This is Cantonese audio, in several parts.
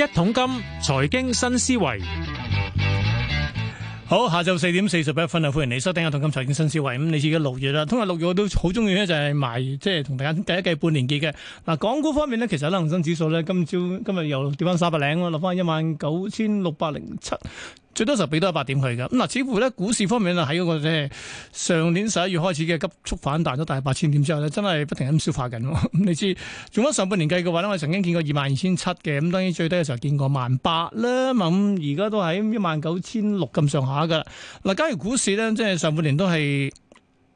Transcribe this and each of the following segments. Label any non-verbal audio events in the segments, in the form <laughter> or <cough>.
一桶金財經新思維，好，下晝四點四十一分啊！歡迎你收聽一桶金財經新思維。咁，你而家六月啦，通日六月我都好中意咧，就係埋即係同大家計一計半年結嘅。嗱，港股方面呢，其實呢恒生指數呢，今朝今日又跌翻三百零，落翻一萬九千六百零七。最多時候俾多一百點去嘅，咁、嗯、嗱、呃，似乎咧股市方面啊喺嗰個即係、呃、上年十一月開始嘅急速反彈都大係八千點之後咧，真係不停咁消化緊咯。 <laughs> 你知，做翻上半年計嘅話咧，我曾經見過二萬二千七嘅，咁、嗯、當然最低嘅時候見過萬八啦，咁而家都喺一萬九千六咁上下噶。嗱、嗯，假如股市咧即係上半年都係，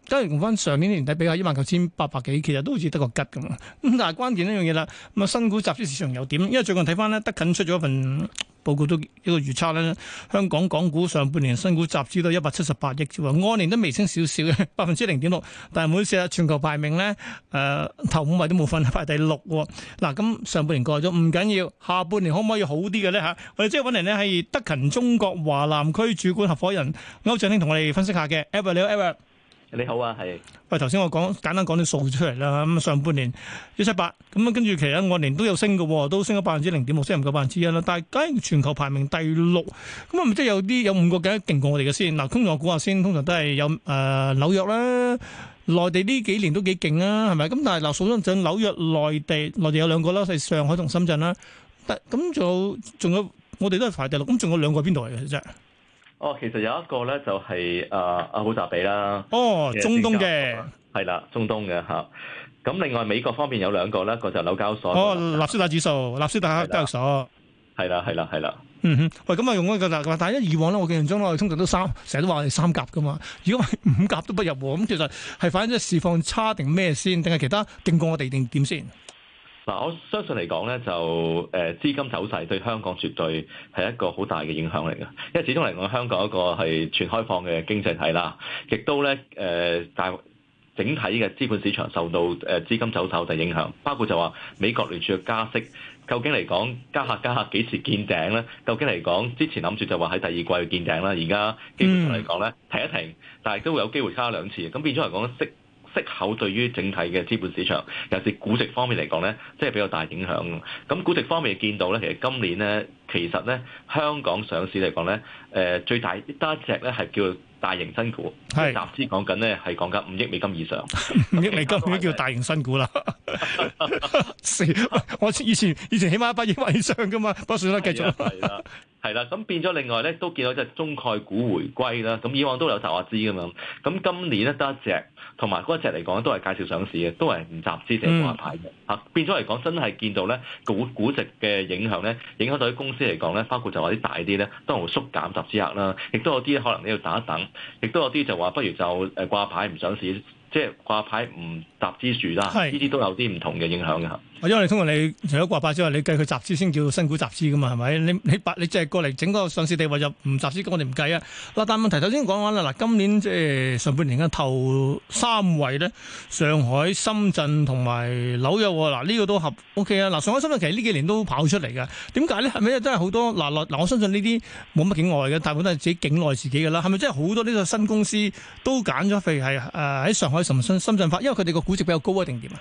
假如用翻上年年底比較，一萬九千八百幾，其實都好似得個吉咁。咁、嗯、但係關鍵呢樣嘢啦，咁啊、嗯、新股集資市場又點？因為最近睇翻呢，德勤出咗一份。報告都一個預測咧，香港港股上半年新股集資都一百七十八億之喎，按年都微升少少嘅，百分之零點六。但係唔好意思啊，全球排名咧，誒、呃、頭五位都冇份，排第六喎、哦。嗱、啊，咁上半年過咗唔緊要，下半年可唔可以好啲嘅咧嚇？我哋即係揾嚟咧係德勤中國華南區主管合伙人歐振興同我哋分析下嘅。Edward 你好，Edward。你好啊，係喂，頭先我講簡單講啲數出嚟啦，咁上半年一七八，咁跟住其實按年都有升嘅，都升咗百分之零點六，升唔夠百分之一啦。但係梗係全球排名第六，咁啊，咪即係有啲有五個勁勁過我哋嘅先。嗱，通常我估下先，通常都係有誒紐約啦，內地呢幾年都幾勁啊，係咪？咁但係嗱，數一數紐約內地內地有兩個啦，係上海同深圳啦，咁仲有仲有我哋都係排第六，咁仲有兩個喺邊度嚟嘅啫？哦，其實有一個咧，就係阿布扎比啦。哦，中東嘅係啦，中東嘅嚇。咁另外美國方面有兩個咧，就個就紐交所。哦，納斯達指數，納斯達交所。係啦，係啦，係啦。嗯哼，喂，咁啊用嗰個啦，但係因為以往咧，我見人講咧，通常都我三成日都話我哋三甲㗎嘛。如果係五甲都不入，咁其實係反映咗市況差定咩先？定係其他定過我哋定點先？嗱，我相信嚟講咧，就誒、呃、資金走勢對香港絕對係一個好大嘅影響嚟嘅，因為始終嚟講香港一個係全開放嘅經濟體啦，亦都咧誒大整體嘅資本市場受到誒資金走勢嘅影響，包括就話美國聯儲嘅加息，究竟嚟講加下加下幾時見頂咧？究竟嚟講之前諗住就話喺第二季去見頂啦，而家基本上嚟講咧停一停，但係都會有機會加兩次，咁變咗嚟講息。息口對於整體嘅資本市場，尤其是估值方面嚟講咧，即係比較大影響。咁估值方面見到咧，其實今年咧，其實咧香港上市嚟講咧，誒、呃、最大得一隻咧係叫大型新股，集資講緊咧係講緊五億美金以上， <laughs> 五億美金已經叫大型新股啦。 <laughs> <laughs> <laughs> 我以前以前起碼一百億以上噶嘛，不過算啦，繼續。係 <laughs> 啦、啊，係啦、啊，咁變咗另外咧都見到即係中概股回歸啦。咁以往都有集下資噶嘛，咁、啊、今年咧得一隻。同埋嗰一隻嚟講，都係介紹上市嘅，都係唔集資成掛牌嘅嚇。變咗嚟講，真係見到咧股估值嘅影響咧，影響到啲公司嚟講咧，包括就話啲大啲咧，都會縮減集資額啦。亦都有啲可能你要打一等，亦都有啲就話不如就誒掛牌唔上市。即係掛牌唔集資住啦，呢啲是都有啲唔同嘅影響嘅。我因為通過你除咗掛牌之外，你計佢集資先叫新股集資噶嘛，係咪？你你你即係過嚟整個上市地位就唔集資，我哋唔計啊。嗱，但問題頭先講完啦，嗱，今年即係、呃、上半年嘅頭三位咧，上海、深圳同埋紐約嗱，呢、呃這個都合 OK 啊。嗱、呃，上海、深圳其實呢幾年都跑出嚟嘅，點解咧？係咪真係好多嗱？嗱、呃呃、我相信呢啲冇乜境外嘅，大部分係自己境內自己嘅啦。係咪真係好多呢個新公司都揀咗譬如係誒喺上海。深深圳化，因為佢哋個估值比較高啊，定點啊？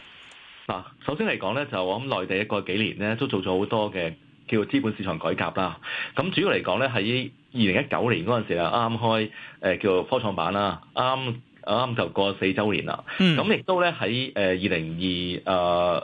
嗱，首先嚟講咧，就我諗內地一個幾年咧，都做咗好多嘅叫資本市場改革啦。咁主要嚟講咧，喺二零一九年嗰陣時啊，啱開誒叫科創板啦，啱啱就過四周年啦。咁亦都咧喺誒二零二誒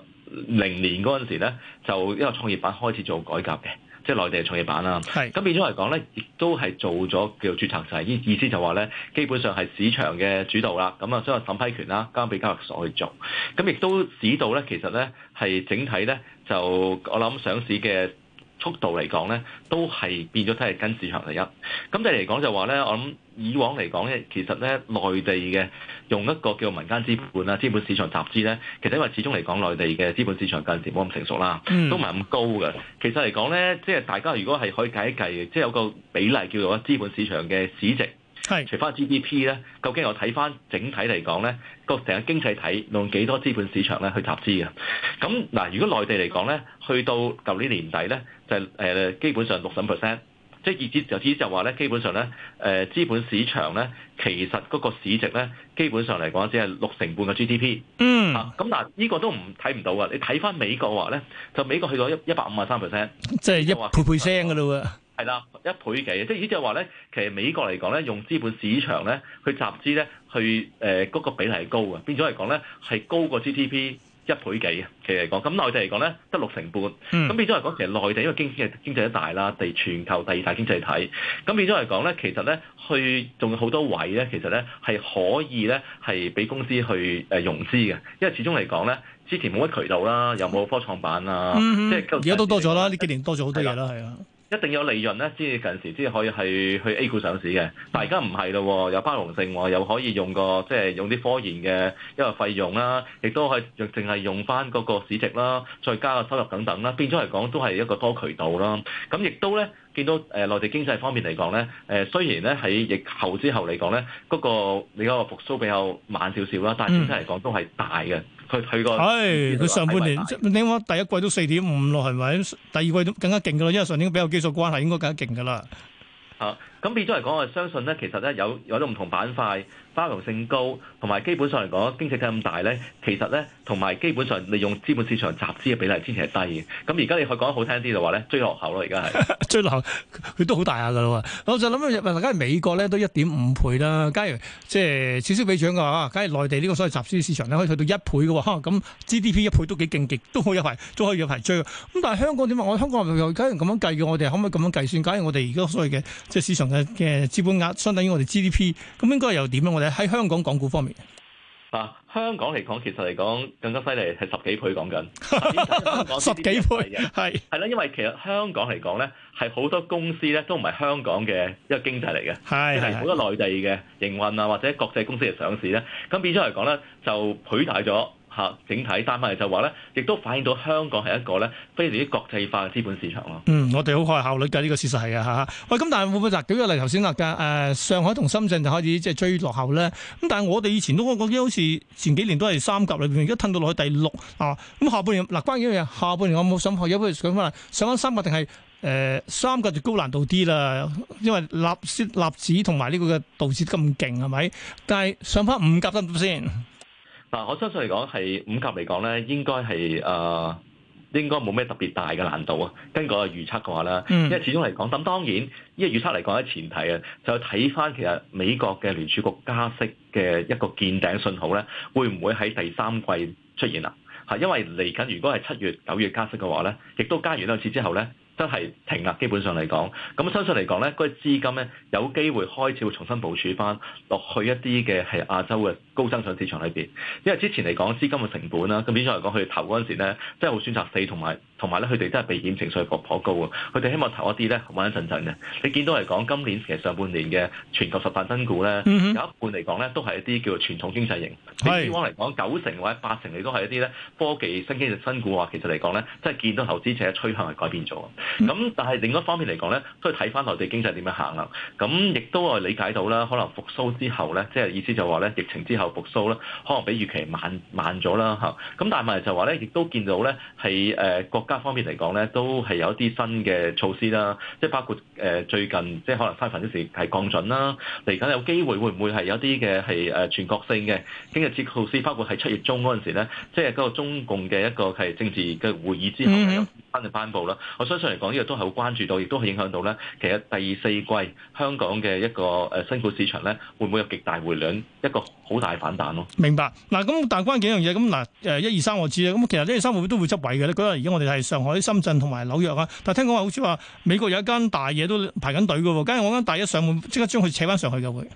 零年嗰陣時咧，就因為創業板開始做改革嘅。即係內地嘅創業板啦，咁變咗嚟講咧，亦都係做咗叫做註冊制，意思就話咧，基本上係市場嘅主導啦，咁啊，所有審批權啦，交俾交易所去做，咁亦都指導咧，其實咧係整體咧就我諗上市嘅。速度嚟講咧，都係變咗，都係跟市場第一。咁就嚟講就話咧，我諗以往嚟講咧，其實咧內地嘅用一個叫民間資本啦，資本市場集資咧，其實因為始終嚟講內地嘅資本市場近時冇咁成熟啦，都唔係咁高嘅。其實嚟講咧，即係大家如果係可以計一計，即係有個比例叫做啊資本市場嘅市值。係，是除翻 GDP 咧，究竟我睇翻整體嚟講咧，個成個經濟體用幾多資本市場咧去集資嘅？咁嗱，如果內地嚟講咧，去到舊年年底咧，就誒基本上六十 percent，即係意思就指就話咧，基本上咧誒、呃、資本市場咧，其實嗰個市值咧，基本上嚟講只係六成半嘅 GDP。嗯。咁嗱、啊，呢個都唔睇唔到㗎。你睇翻美國嘅話咧，就美國去到一一百五十三 percent，即係一倍倍聲嘅咯喎。係啦，一倍幾，即係意思就係話咧，其實美國嚟講咧，用資本市場咧去集資咧，去誒嗰個比例係高嘅，變咗嚟講咧係高過 GDP 一倍幾嘅。其實嚟講咁內地嚟講咧得六成半，咁變咗嚟講，其實內地因為經濟經濟大啦，地全球第二大經濟體，咁變咗嚟講咧，其實咧去仲有好多位咧，其實咧係可以咧係俾公司去誒融資嘅，因為始終嚟講咧之前冇乜渠道啦，又冇科創板啊，即係而家都多咗啦，呢 <music> 幾年多咗好多嘢啦，係啊。 <music> 一定有利潤咧，即係近時即係可以係去 A 股上市嘅。但而家唔係咯，有包容性，又可以用個即係用啲科研嘅一個費用啦，亦都可以淨係用翻嗰個市值啦，再加個收入等等啦，變咗嚟講都係一個多渠道啦。咁亦都咧見到誒內地經濟方面嚟講咧，誒、呃、雖然咧喺疫後之後嚟講咧，嗰、那個你嗰個復甦比較慢少少啦，但係總體嚟講都係大嘅。佢去過，係佢上半年，你諗下第一季都四點五咯，係咪？第二季都更加勁㗎喇，因為上年比較基數關係，應該更加勁㗎喇。啊！咁變咗嚟講，我相信咧，其實咧有有啲唔同板塊，包容性高，同埋基本上嚟講經濟體咁大咧，其實咧同埋基本上利用資本市場集資嘅比例，之前係低嘅。咁而家你去講得好聽啲就話咧，追落後咯，而家係追落後，佢都好大下噶啦嘛。我就諗啊，問下，假如美國咧都一點五倍啦，假如即係少少比獎嘅話，假如內地呢個所謂集資市場咧，可以去到一倍嘅喎，咁 GDP 一倍都幾勁，極都可以有排，都可以有排追。咁但係香港點啊？我香港又假如咁樣計嘅，我哋可唔可以咁樣計算？假如我哋而家所謂嘅即係市場。嘅嘅資本額相等於我哋 GDP，咁應該又點樣我哋喺香港港股方面？嗱、啊，香港嚟講，其實嚟講更加犀利，係十幾倍講緊， <laughs> 十幾倍，係係啦，因為其實香港嚟講咧，係好多公司咧都唔係香港嘅一個經濟嚟嘅，即係好多內地嘅營運啊，或者國際公司嘅上市咧，咁變咗嚟講咧就倍大咗。吓，整體加翻嚟就話咧，亦都反映到香港係一個咧非常之國際化嘅資本市場咯。嗯，我哋好開效率㗎，呢、這個事實係啊嚇。喂，咁、哎、但係會唔會嗱舉個例頭先話㗎誒，上海同深圳就開始即係追落後咧。咁但係我哋以前都我覺好似前幾年都係三甲裏邊，而家褪到落去第六啊。咁下半年嗱、呃，關於下半年我冇想學，有如想翻嚟？想、呃、翻三甲定係誒三甲就高難度啲啦，因為立先納指同埋呢個嘅道指咁勁係咪？但係上翻五甲得唔得先？嗱，我相信嚟講係五級嚟講咧，應該係誒、呃、應該冇咩特別大嘅難度啊。根據個預測嘅話咧，mm. 因為始終嚟講，咁當然呢、呢個預測嚟講，喺前提啊，就睇翻其實美國嘅聯儲局加息嘅一個見頂信號咧，會唔會喺第三季出現啊？係因為嚟緊，如果係七月、九月加息嘅話咧，亦都加完兩次之後咧。都係停啦，基本上嚟講，咁相信嚟講咧，嗰啲資金咧有機會開始會重新部署翻落去一啲嘅係亞洲嘅高增長市場裏邊，因為之前嚟講資金嘅成本啦，咁變相嚟講，佢哋投嗰陣時咧，真係會選擇四同埋。同埋咧，佢哋都係避險情緒係頗高啊！佢哋希望投一啲咧穩一陣陣嘅。你見到嚟講，今年其實上半年嘅全球十大新股咧，有一半嚟講咧都係一啲叫做傳統經濟型。以往嚟講，九成或者八成，你都係一啲咧科技新經濟新股啊！其實嚟講咧，即係見到投資者嘅趨向係改變咗。咁但係另一方面嚟講咧，都係睇翻內地經濟點樣行啦。咁亦都係理解到啦，可能復甦之後咧，即係意思就話咧，疫情之後復甦咧，可能比預期慢慢咗啦嚇。咁但係問題就話咧，亦都見到咧係誒國。家方面嚟講咧，都係有一啲新嘅措施啦，即係包括誒最近即係可能差唔啲時係降準啦。嚟緊有機會會唔會係有一啲嘅係誒全國性嘅經濟刺激措施，包括喺七月中嗰陣時咧，即係嗰個中共嘅一個係政治嘅會議之後。Mm hmm. 翻住頒布啦！我相信嚟講，呢個都係好關注到，亦都係影響到咧。其實第四季香港嘅一個誒新股市場咧，會唔會有極大回量一個好大反彈咯？明白嗱，咁但係關幾樣嘢咁嗱誒，一二三個字咧。咁、呃、其實一二三會都會執位嘅咧。嗰而家我哋係上海、深圳同埋紐約啊。但係聽講話好似話美國有一間大嘢都排緊隊㗎喎。假如嗰間大嘢上岸，即刻將佢扯翻上去嘅會。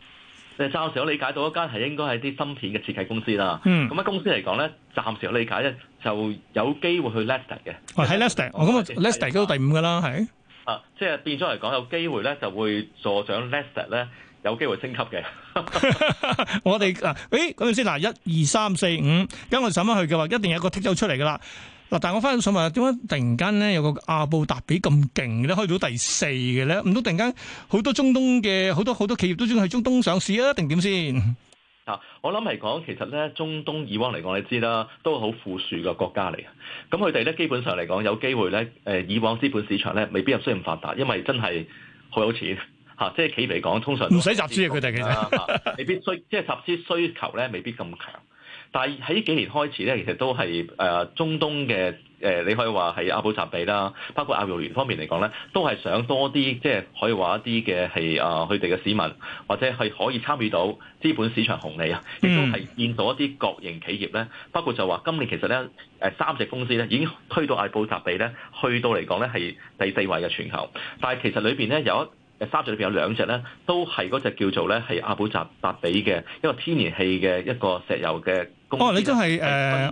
誒暫時我理解到一間係應該係啲芯片嘅設計公司啦。嗯。咁喺公司嚟講咧，暫時我理解一。就有機會去 l e s t e r 嘅，喺 l e s t e r 我咁啊，l e s t e r 都第五噶啦，係啊，即係變咗嚟講有機會咧就會助長 l e s t e r 咧有機會升級嘅。 <laughs> <laughs> 我哋誒咁先嗱，一二三四五，咁我哋審翻去嘅話，一定有一個剔走出嚟噶啦。嗱，但係我翻去想問，點解突然間咧有個亞布達比咁勁咧，開到第四嘅咧？唔通突然間好多中東嘅好多好多企業都鍾意喺中東上市啊？定點先？啊！我諗係講，其實咧中東以往嚟講，你知啦，都好富庶嘅國家嚟。咁佢哋咧基本上嚟講，有機會咧，誒，以往資本市場咧，未必有需要咁發達，因為真係好有錢吓、啊，即係企業嚟講，通常唔使集資嘅，佢哋其實未必需，即係集資需求咧，未必咁強。 <laughs> 但係喺呢幾年開始咧，其實都係誒、呃、中東嘅。誒，你可以話係阿布扎比啦，包括阿聯酋方面嚟講咧，都係想多啲，即係可以話一啲嘅係啊，佢哋嘅市民或者係可以參與到資本市場紅利啊，亦都係見到一啲國營企業咧，包括就話今年其實咧，誒三隻公司咧已經推到阿布扎比咧，去到嚟講咧係第四位嘅全球，但係其實裏邊咧有一誒三隻裏邊有兩隻咧，都係嗰隻叫做咧係阿布扎達比嘅一個天然氣嘅一個石油嘅。就是、哦，你都係誒，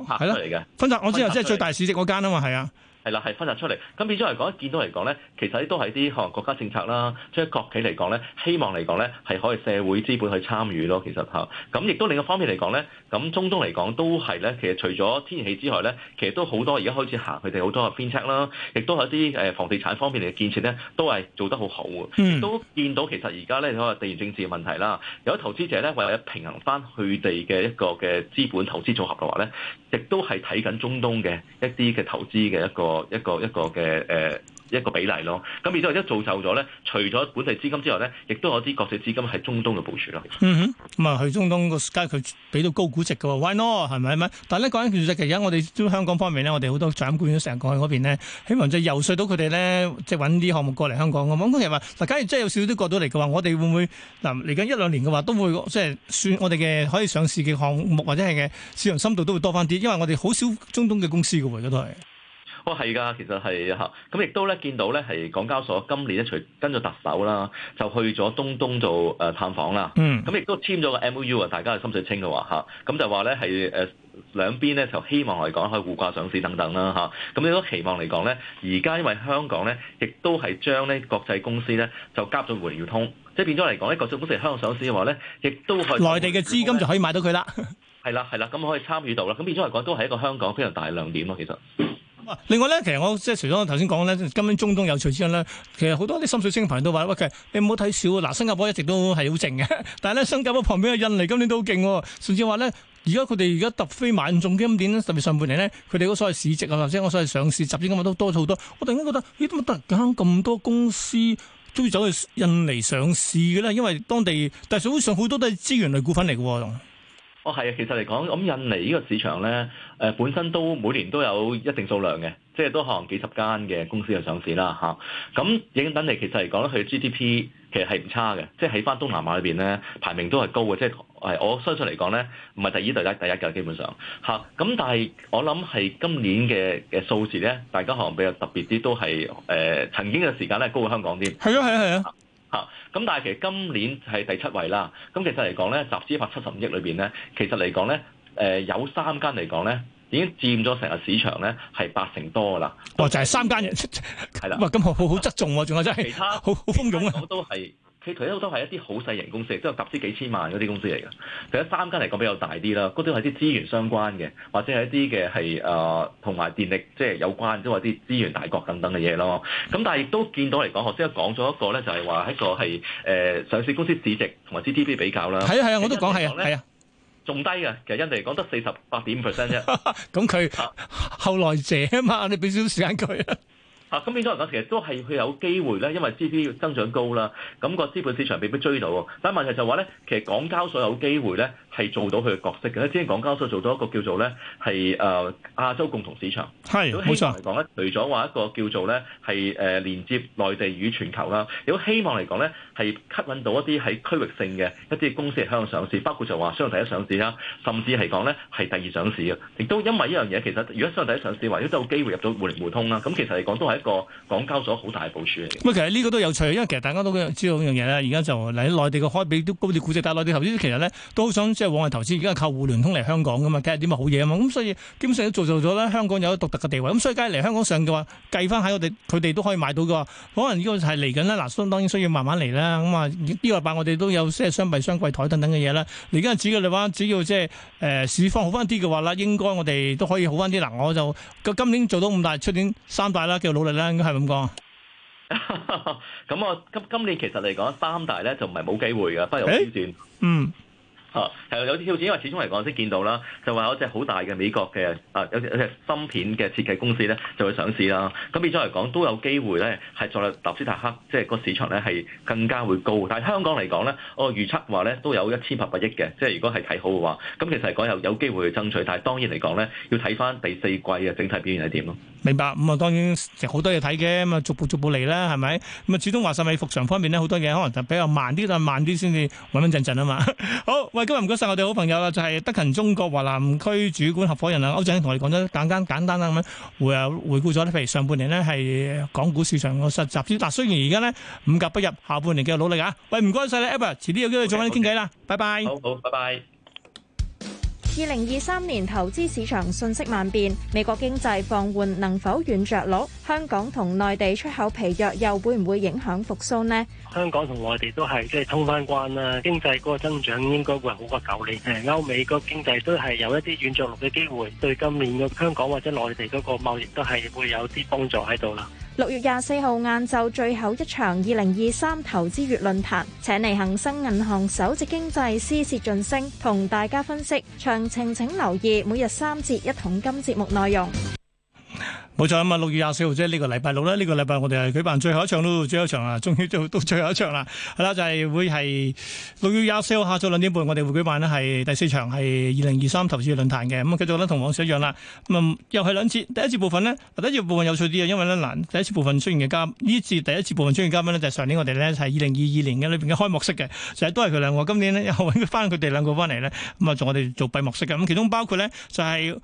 係咯、呃，分拆我知啊，即係最大市值嗰間啊嘛，係啊。係啦，係分拆出嚟。咁變咗嚟講，一見到嚟講咧，其實都係啲可能國家政策啦，即係國企嚟講咧，希望嚟講咧係可以社會資本去參與咯。其實嚇，咁亦都另一方面嚟講咧，咁中東嚟講都係咧，其實除咗天然氣之外咧，其實都好多而家開始行佢哋好多嘅編策啦，亦都有一啲誒房地產方面嘅建設咧，都係做得好好嘅。嗯，都見到其實而家咧嗰個地緣政治問題啦，有投資者咧為咗平衡翻佢哋嘅一個嘅資本投資組合嘅話咧。亦都係睇緊中東嘅一啲嘅投資嘅一個、一個、一個嘅誒。一個比例咯，咁然之後一造就咗咧，除咗本地資金之外咧，亦都有啲國際資金喺中東嘅部署咯。嗯哼，咁啊去中東梗係佢俾到高估值嘅喎，why not？係咪啊？但係呢，講緊其實其實我哋香港方面咧，我哋好多掌管成日過去嗰邊咧，希望就遊說到佢哋咧，即係揾啲項目過嚟香港咁。咁其實話嗱，假如真係有少少都過到嚟嘅話，我哋會唔會嗱嚟緊一兩年嘅話，都會即係算我哋嘅可以上市嘅項目或者係嘅市場深度都會多翻啲，因為我哋好少中東嘅公司嘅而家都係。我係噶，其實係嚇，咁、啊、亦都咧見到咧係港交所今年咧，除跟咗特首啦，就去咗東東做誒探訪啦。嗯，咁亦都簽咗個 MOU 啊，大家心水清嘅話嚇，咁就話咧係誒兩邊咧就希望嚟講可以互掛上市等等啦嚇。咁亦都期望嚟講咧，而、啊、家因為香港咧亦都係將咧國際公司咧就加咗互聯通，即係變咗嚟講咧國際公司喺香港上市嘅話咧，亦都係內地嘅資金就可以買到佢啦。係啦係啦，咁可以參與到啦。咁變咗嚟講都係一個香港非常大嘅亮點咯，其 <laughs> 實。另外咧，其實我即係除咗頭先講咧，今日中東有趣之外咧，其實好多啲深水星朋友都話：喂，其實你唔好睇少嗱，新加坡一直都係好靜嘅，但係咧，新加坡旁邊嘅印尼今年都好勁喎，甚至話咧，而家佢哋而家突飛猛進今年咧，特別上半年咧，佢哋嗰所謂市值啊，或者我所謂上市集資金額都多咗好多。我突然間覺得咦，點解突然間咁多公司都要走去印尼上市嘅咧？因為當地但係社會上好多都係資源類股份嚟嘅喎。哦，係啊，其實嚟講，咁印尼呢個市場咧，誒、呃、本身都每年都有一定數量嘅，即係都可能幾十間嘅公司嘅上市啦嚇。咁、啊、印尼其實嚟講，佢 GDP 其實係唔差嘅，即係喺翻東南亞裏邊咧，排名都係高嘅，即係係我相信嚟講咧，唔係第一、第一、第一嘅基本上嚇。咁、啊、但係我諗係今年嘅嘅數字咧，大家可能比較特別啲，都係誒、呃、曾經嘅時間咧，高過香港啲。係啊，係啊，係啊。嚇！咁但係其實今年係第七位啦。咁其實嚟講咧，集資一百七十五億裏邊咧，其實嚟講咧，誒有三間嚟講咧，已經佔咗成個市場咧係八成多噶啦。哦，就係、是、三間嘅，係啦、嗯。 <laughs> 哇！咁好，好好側重喎、啊，仲有即係其他好好風湧嘅、啊，我都係。佢除咗好多係一啲好細型公司，即係集資幾千萬嗰啲公司嚟嘅。除咗三間嚟講比較大啲啦，嗰啲係啲資源相關嘅，或者係一啲嘅係誒同埋電力即係有關，即係話啲資源大國等等嘅嘢咯。咁但係亦都見到嚟講，我即刻講咗一個咧，就係話一個係誒、呃、上市公司市值同埋 GDP 比較啦。係啊係啊，我都講係啊係啊，仲低嘅。其實印度嚟講得四十八點五 percent 啫。咁佢 <laughs> 他 <laughs> 後來謝嘛，你俾少少時間佢啦。啊，今年嚟講，其實都係佢有機會咧，因為 GDP 增長高啦，咁個資本市場未必追到喎。但係問題就係話咧，其實港交所有機會咧係做到佢嘅角色嘅咧。之前港交所做到一個叫做咧係誒亞洲共同市場，係冇是錯嚟講咧，除咗話一個叫做咧係誒連接內地與全球啦，有希望嚟講咧係吸引到一啲喺區域性嘅一啲公司嚟香港上市，包括就話香港第一上市啦，甚至係講咧係第二上市嘅。亦都因為一樣嘢，其實如果香港第一上市，或者都有機會入到互聯互通啦。咁其實嚟講都係。個港交所好大部署，嚟嘅。咁其實呢個都有趣，因為其實大家都知道一樣嘢咧，而家就嚟內地嘅開比都高啲估值。但係內地投資其實咧都好想即係往外投資，而家靠互聯通嚟香港噶嘛，睇下啲乜好嘢啊嘛，咁所以基本上都做就咗啦。香港有個獨特嘅地位，咁所以梗係嚟香港上嘅話，計翻喺我哋佢哋都可以買到嘅。可能呢個係嚟緊啦，嗱，當然需要慢慢嚟啦。咁啊，呢個禮拜我哋都有即係雙幣雙櫃台等等嘅嘢啦。而家主要嘅話，只要即係誒市況好翻啲嘅話啦，應該我哋都可以好翻啲。嗱、呃，我就今年做到五大，出年三大啦繼續努力啦，應該係咁講。咁 <laughs> 我今今年其實嚟講，三大咧就唔係冇機會嘅，不有轉轉、欸，嗯。啊，有啲挑戰，因為始終嚟講即係見到啦，就話有一隻好大嘅美國嘅啊，有隻有隻芯片嘅設計公司咧就去上市啦。咁變咗嚟講都有機會咧係在納斯達克，即係個市場咧係更加會高。但係香港嚟講咧，我預測話咧都有一千八百億嘅，即係如果係睇好嘅話，咁其實嚟講有機會去爭取。但係當然嚟講咧要睇翻第四季嘅整體表現係點咯。明白。咁、嗯、啊當然好多嘢睇嘅，咁啊逐步逐步嚟啦，係咪？咁啊始終話曬咪復常方面咧，好多嘢可能就比較慢啲，但係慢啲先至穩穩陣陣啊嘛。 <laughs> 好。今日唔該晒我哋好朋友啦，就係、是、德勤中國華南區主管合伙人啊，歐振興，同我哋講咗簡單簡單咁樣，回啊回顧咗咧，譬如上半年咧係港股市場個實習先，嗱，雖然而家咧五甲不入，下半年繼續努力啊！喂，唔該晒咧 Albert 遲啲有機會再揾你傾偈啦，的拜拜。好好，拜拜。二零二三年投資市場瞬息萬變，美國經濟放緩能否軟着陸？香港同內地出口疲弱又會唔會影響復甦呢？香港同內地都係即係通翻關啦，經濟嗰個增長應該會好過舊年。誒，歐美嗰經濟都係有一啲軟著陸嘅機會，對今年嘅香港或者內地嗰個貿易都係會有啲幫助喺度啦。六月廿四號晏晝最後一場二零二三投資月論壇，請嚟恒生銀行首席經濟師薛俊升同大家分析，詳情請留意每日三節一桶金節目內容。冇錯啊！嘛、嗯這個、六月廿四號即係呢個禮拜六啦，呢個禮拜我哋係舉辦最後一場啦，最後一場啊，終於到到最後一場啦，係啦，就係、是、會係六月廿四號下晝兩點半，我哋會舉辦呢係第四場係二零二三投資論壇嘅咁啊，繼、嗯、續咧同往時一樣啦，咁、嗯、又係兩節，第一次部分呢，第一次部分有趣啲啊，因為呢，難第一次部分出業嘅嘉，呢節第一次部分出現嘉賓呢，就係、是、上年我哋咧係二零二二年嘅裏邊嘅開幕式嘅，成、就、日、是、都係佢兩個，今年呢，又揾翻佢哋兩個翻嚟呢。咁、嗯、啊我哋做閉幕式嘅，咁、嗯、其中包括呢，就係、是。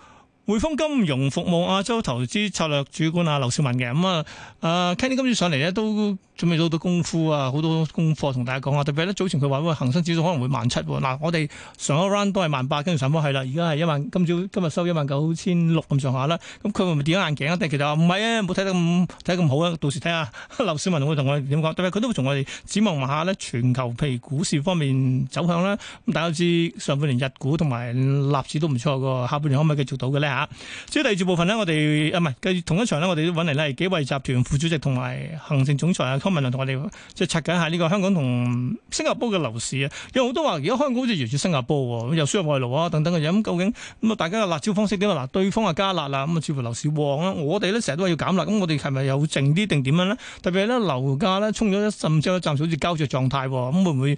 匯豐金融服務亞、啊、洲投資策略主管啊劉少文嘅咁、嗯、啊，啊，Kenny 今朝上嚟咧都準備咗好多功夫啊，好多功課同大家講啊，特別咧早前佢話喂恒生指數可能會萬七、啊，嗱我哋上個 round 都係萬八，跟住上翻係啦，而家係一萬，今朝今日收一萬九千六咁上下啦，咁佢係咪戴咗眼鏡啊？但、啊、係、啊啊啊、其實唔係啊，冇睇得咁睇咁好啊，到時睇下劉少文會同我哋點講，特係佢都會同我哋展望下咧全球譬如股市方面走向啦。咁大家知上半年日股同埋納指都唔錯噶，下半年可唔可以繼續到嘅咧？啊！所以第二部分呢，我哋啊唔係繼同一場呢，我哋都揾嚟呢係幾位集團副主席同埋行政總裁啊湯文亮同我哋即係拆解下呢個香港同新加坡嘅樓市啊！有好多話而家香港好似完住新加坡，又輸入外勞啊等等嘅嘢，咁、嗯、究竟咁啊、嗯、大家嘅辣招方式點啊？嗱，對方啊加辣啦，咁似乎樓市旺啊，我哋咧成日都話要減辣，咁、嗯、我哋係咪有靜啲定點樣呢？特別係咧樓價咧衝咗，甚至有暫時好似膠着狀態，咁、嗯嗯、會唔會？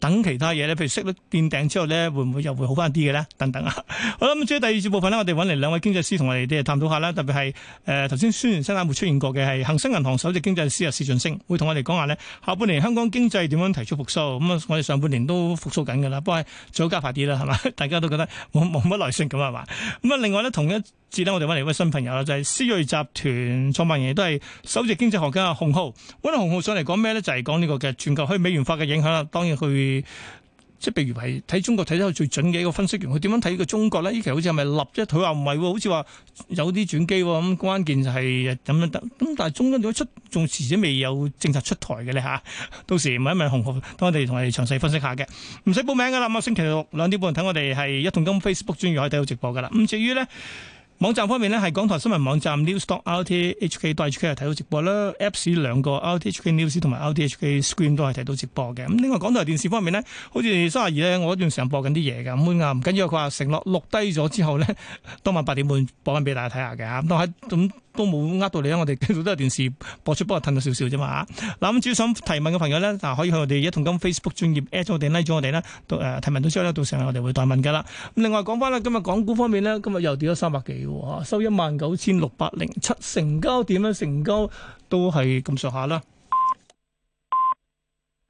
等其他嘢咧，譬如息率見頂之後咧，會唔會又會好翻啲嘅咧？等等啊！ <laughs> 好啦，咁至於第二節部分咧，我哋揾嚟兩位經濟師同我哋啲探討下啦。特別係誒頭先，雖、呃、然新單冇出現過嘅係恒生銀行首席經濟師啊，史俊升會同我哋講下咧，下半年香港經濟點樣提出復甦？咁、嗯、啊，我哋上半年都復甦緊㗎啦，不過早加快啲啦，係嘛？ <laughs> 大家都覺得冇冇乜耐性咁係嘛？咁啊、嗯，另外咧，同一。至啦，我哋揾嚟一位新朋友啦，就係思睿集團創辦人，亦都係首席經濟學家洪浩。揾到洪浩上嚟講咩咧？就係講呢個嘅全球去美元化嘅影響啦。當然佢即係譬如係睇中國睇得係最準嘅一個分析員。佢點樣睇個中國呢？呢期好似係咪立啫？佢話唔係，好似話有啲轉機。咁、嗯、關鍵係咁樣得？咁、嗯、但係中間如果出仲遲啲未有政策出台嘅咧吓，到時問一問洪浩，等我哋同佢詳細分析下嘅。唔使報名噶啦，咁星期六兩點半睇我哋係一同金 Facebook 專頁可以睇到直播噶啦。咁至於呢？網站方面咧，係港台新聞網站 news dot rthk dot hk 係睇到直播啦。Apps 兩個 RTHK News 同埋 RTHK Screen 都係睇到直播嘅。咁另外港台電視方面咧，好似三十二咧，我一段時間播緊啲嘢嘅。咁啊，唔緊要，佢話承諾錄低咗之後咧，當晚八點半播返俾大家睇下嘅嚇。咁都係咁。都冇呃到你啦，我哋都係電視播出，不過褪到少少啫嘛嚇。嗱咁，主要想提問嘅朋友咧，嗱可以去我哋一同金 Facebook 專頁 at、like、我哋，拉咗我哋咧，到、呃、誒提問到之後啦。到時候我哋會代問噶啦。咁另外講翻咧，今日港股方面咧，今日又跌咗三百幾喎，收一萬九千六百零七，成交點咧，成交都係咁上下啦。